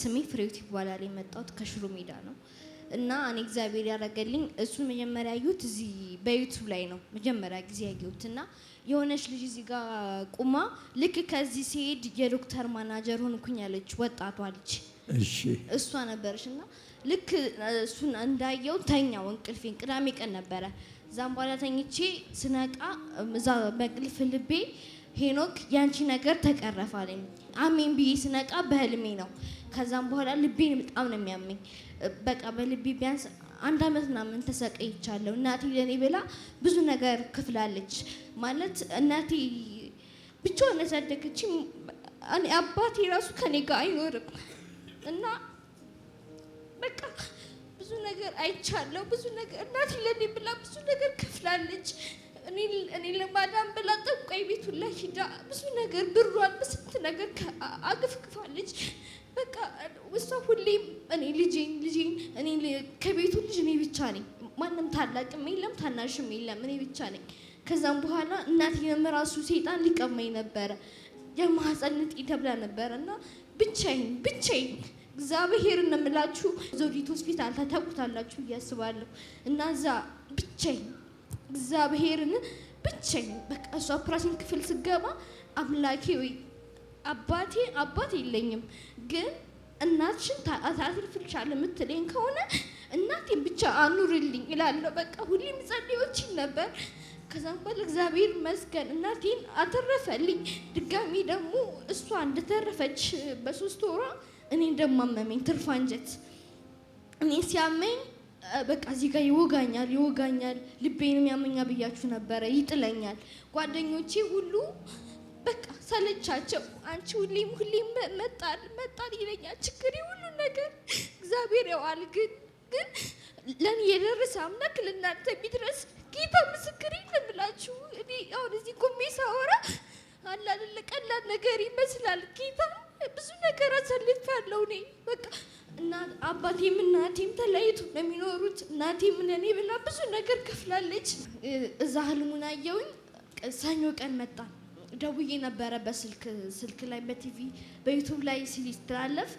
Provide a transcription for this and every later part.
ስሜ ፍሬውት ይባላል። የመጣሁት ከሽሮ ሜዳ ነው እና እኔ እግዚአብሔር ያደረገልኝ እሱን መጀመሪያ ያዩት እዚህ በዩቱብ ላይ ነው መጀመሪያ ጊዜ ያየሁት እና የሆነች ልጅ እዚህ ጋር ቁማ ልክ ከዚህ ሲሄድ የዶክተር ማናጀር ሆንኩኝ ያለች ወጣቷ ልጅ እሷ ነበረች እና ልክ እሱን እንዳየው ተኛው። እንቅልፌን ቅዳሜ ቀን ነበረ። እዛም በኋላ ተኝቼ ስነቃ እዛ በእንቅልፍ ልቤ ሄኖክ ያንቺ ነገር ተቀረፈ አለኝ። አሜን ብዬ ስነቃ በህልሜ ነው። ከዛም በኋላ ልቤን በጣም ነው የሚያመኝ። በቃ በልቤ ቢያንስ አንድ አመት ምናምን ተሰቃይቻለሁ። እናቴ ለእኔ ብላ ብዙ ነገር ክፍላለች። ማለት እናቴ ብቻዋን ያሳደገች አባቴ ራሱ ከኔ ጋር አይኖርም እና በቃ ብዙ ነገር አይቻለሁ። ብዙ ነገር እናቴ ለእኔ ብላ ብዙ ነገር ክፍላለች። እኔ ለማዳም ብላ ጠንቋይ ቤቱ ላይ ሂዳ ብዙ ነገር ብሯን በስንት ነገር አግፍክፋለች። በቃ እሷ ሁሌም እኔ ልጄን ልጄን እኔ ከቤቱ ልጅ እኔ ብቻ ነኝ። ማንም ታላቅም የለም ታናሽም የለም፣ እኔ ብቻ ነኝ። ከዛም በኋላ እናቴንም ራሱ ሴጣን ሊቀማኝ ነበረ። የማህፀን ንጤ ተብላ ነበረ እና ብቻዬን ብቻዬን እግዚአብሔር እንምላችሁ ዘውዲት ሆስፒታል ታታቁታላችሁ እያስባለሁ እና እዛ ብቻዬን እግዚአብሔርን ብቸኝ በቃ እሷ ኦፕራሽን ክፍል ስገባ አምላኬ ወይ አባቴ አባት የለኝም ግን እናትሽን ታትርፍልሻል የምትለኝ ከሆነ እናቴ ብቻ አኑርልኝ እላለሁ። በቃ ሁሌም ጸልዮች ነበር። ከዛ በኋላ እግዚአብሔር ይመስገን እናቴን አተረፈልኝ። ድጋሚ ደግሞ እሷ እንደተረፈች በሶስት ወሯ እኔ እንደማመመኝ ትርፋ እንጀት እኔ ሲያመኝ በቃ እዚህ ጋር ይወጋኛል ይወጋኛል፣ ልቤንም ያመኛ ብያችሁ ነበረ፣ ይጥለኛል። ጓደኞቼ ሁሉ በቃ ሰለቻቸው። አንቺ ሁሌም ሁሌም መጣል መጣል ይለኛል፣ ችግር ሁሉ ነገር እግዚአብሔር ያዋል። ግን ግን ለእኔ የደረሰ አምላክ ለእናንተ የሚድረስ ጌታ ምስክር ልምላችሁ። እኔ አሁን እዚህ ቆሜ ሳወራ አላደለ ቀላል ነገር ይመስላል። ጌታ ብዙ ነገር ያለው እኔ በቃ አባቴም እናቴም ተለያይቶ ነው የሚኖሩት። እናቴም ለእኔ ብላ ብዙ ነገር ከፍላለች። እዛ ህልሙን አየውኝ። ሰኞ ቀን መጣ። ደውዬ ነበረ በስልክ ስልክ ላይ በቲቪ በዩቱብ ላይ ሲተላለፍ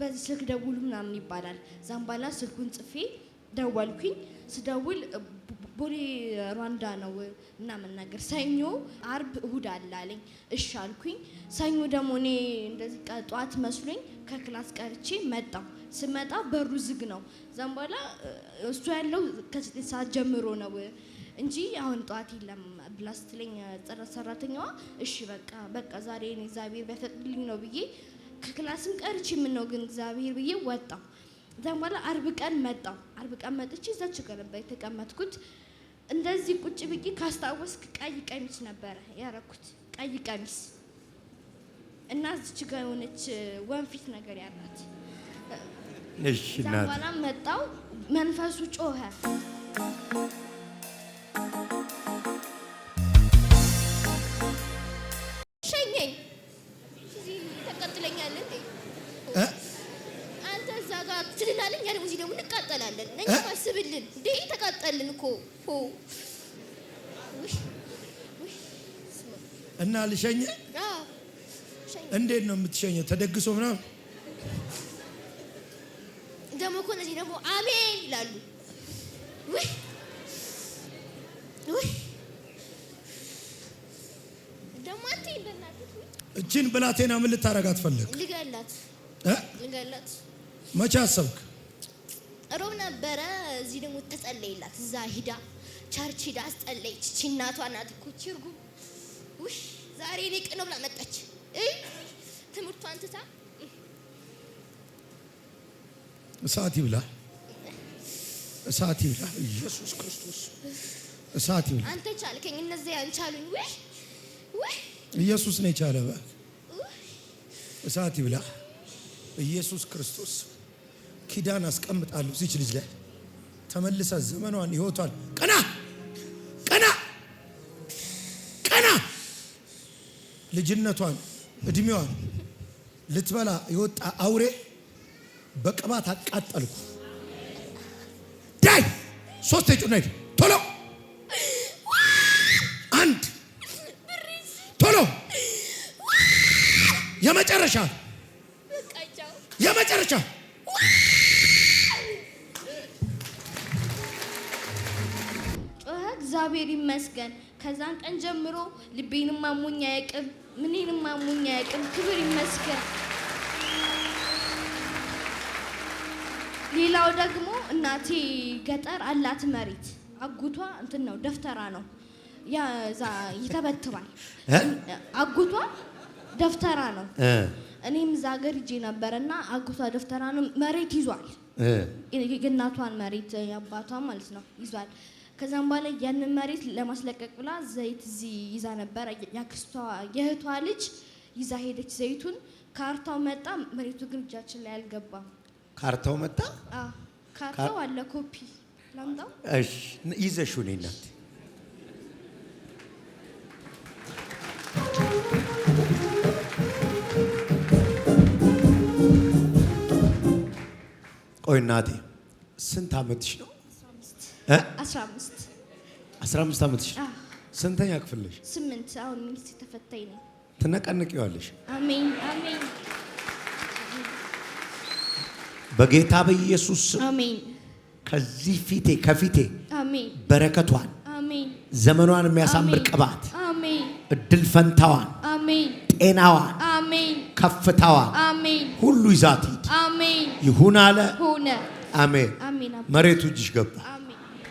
በዚህ ስልክ ደውሉ ምናምን ይባላል። ዛምባላ ስልኩን ጽፌ ደወልኩኝ። ስደውል ቦሌ ሯንዳ ነው እና መናገር ሰኞ፣ አርብ፣ እሁድ አላለኝ። አለኝ። እሺ አልኩኝ። ሰኞ ደግሞ እኔ እንደዚህ ጠዋት መስሎኝ ከክላስ ቀርቼ መጣሁ። ስመጣ በሩ ዝግ ነው። እዛም በኋላ እሱ ያለው ከስጤት ሰዓት ጀምሮ ነው እንጂ አሁን ጠዋት የለም ብላ ስትለኝ ጸረ ሰራተኛዋ እሺ በቃ በቃ ዛሬ እኔ እግዚአብሔር ቢያፈቅድልኝ ነው ብዬ ከክላስም ቀርቼ የምነው ግን እግዚአብሔር ብዬ ወጣሁ። ከዛም በኋላ አርብ ቀን መጣ። አርብ ቀን መጥቼ እዛች ጋር ነበር የተቀመጥኩት። እንደዚህ ቁጭ ብዬ ካስታወስክ ቀይ ቀሚስ ነበረ ያረኩት፣ ቀይ ቀሚስ እና እዚች ጋር የሆነች ወንፊት ነገር ያላት። እሺ፣ እና በኋላ መጣው መንፈሱ ጮኸ። ጋር ትልላለን። እኛ ደግሞ እዚህ ደግሞ እንቃጠላለን። እኛ አስብልን እንዴ ተቃጠልን እኮ እና ልሸኝ። እንዴት ነው የምትሸኘው? ተደግሶ ምናምን ደግሞ እኮ እነዚህ ደግሞ አሜን ይላሉ። እችን ብላቴና ምን ልታረጋት ፈለግ? ልገላት ልገላት መቼ አሰብክ? ሮብ ነበረ። እዚህ ደግሞ ተጸለይላት። እዛ ሂዳ ቸርች ሂዳ አስጸለይች። ቺ እናቷ ናት እኮ ቺ ዛሬ እኔ ብላ መጣች። ትምህርቷን ትታ እሳት ይብላ፣ እሳት ይብላ። ኢየሱስ ክርስቶስ እሳት ይብላ። አንተ ቻልከኝ፣ እነዚያ አንቻሉኝ። ወይ ወይ ኢየሱስ ነው የቻለ። እሳት ይብላ ኢየሱስ ክርስቶስ እሳት ይብላ አንተ ቻልከኝ አንቻሉኝ ወይ ወይ ኢየሱስ ነው የቻለ እሳት ይብላ ኢየሱስ ክርስቶስ ኪዳን አስቀምጣለሁ እዚች ልጅ ላይ ተመልሰ ዘመኗን ህይወቷን ቀና ቀና ቀና ልጅነቷን እድሜዋን ልትበላ የወጣ አውሬ በቅባት አቃጠልኩ። ዳይ ሶስት የጩና ቶሎ አንድ ቶሎ የመጨረሻ የመጨረሻ እግዚአብሔር ይመስገን። ከዛን ቀን ጀምሮ ልቤንም አሞኝ አያውቅም፣ ምኔንም አሞኝ አያውቅም። ክብር ይመስገን። ሌላው ደግሞ እናቴ ገጠር አላት መሬት አጉቷ እንትን ነው ደፍተራ ነው ያዛ ይተበትባል። አጉቷ ደፍተራ ነው። እኔም እዛ ሀገር ሂጄ ነበረና አጉቷ ደፍተራ ነው መሬት ይዟል። የእናቷን መሬት ያባቷ ማለት ነው ይዟል ከዛም በኋላ ያንን መሬት ለማስለቀቅ ብላ ዘይት እዚህ ይዛ ነበረ። ያክስቷ የእህቷ ልጅ ይዛ ሄደች ዘይቱን። ካርታው መጣ፣ መሬቱ ግን እጃችን ላይ አልገባም። ካርታው መጣ። ካርታው አለ፣ ኮፒ ላምጣው። ይዘሽ ሁኔ ናት ቆይ እናቴ ስንት አመትሽ ነው? አስራ አምስት ዓመትሽ ስንተኛ ክፍል ነሽ? ስምንት አሁን ተፈታኝ ነኝ። ትነቀንቂዋለሽ። አሜን አሜን። በጌታ በኢየሱስ አሜን። ከዚህ ፊቴ ከፊቴ አሜን። በረከቷን አሜን። ዘመኗን የሚያሳምር ቅባት አሜን። እድል ፈንታዋን አሜን። ጤናዋን አሜን። ከፍታዋን አሜን። ሁሉ ይዛት ሂድ። አሜን። ይሁን አለ ሆነ። አሜን። መሬቱ እጅሽ ገባ።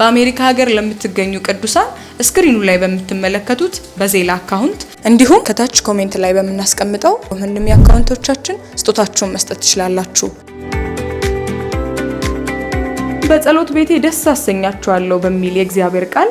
በአሜሪካ ሀገር ለምትገኙ ቅዱሳን ስክሪኑ ላይ በምትመለከቱት በዜላ አካውንት እንዲሁም ከታች ኮሜንት ላይ በምናስቀምጠው ምንም አካውንቶቻችን ስጦታችሁን መስጠት ትችላላችሁ። በጸሎት ቤቴ ደስ አሰኛችኋለሁ በሚል የእግዚአብሔር ቃል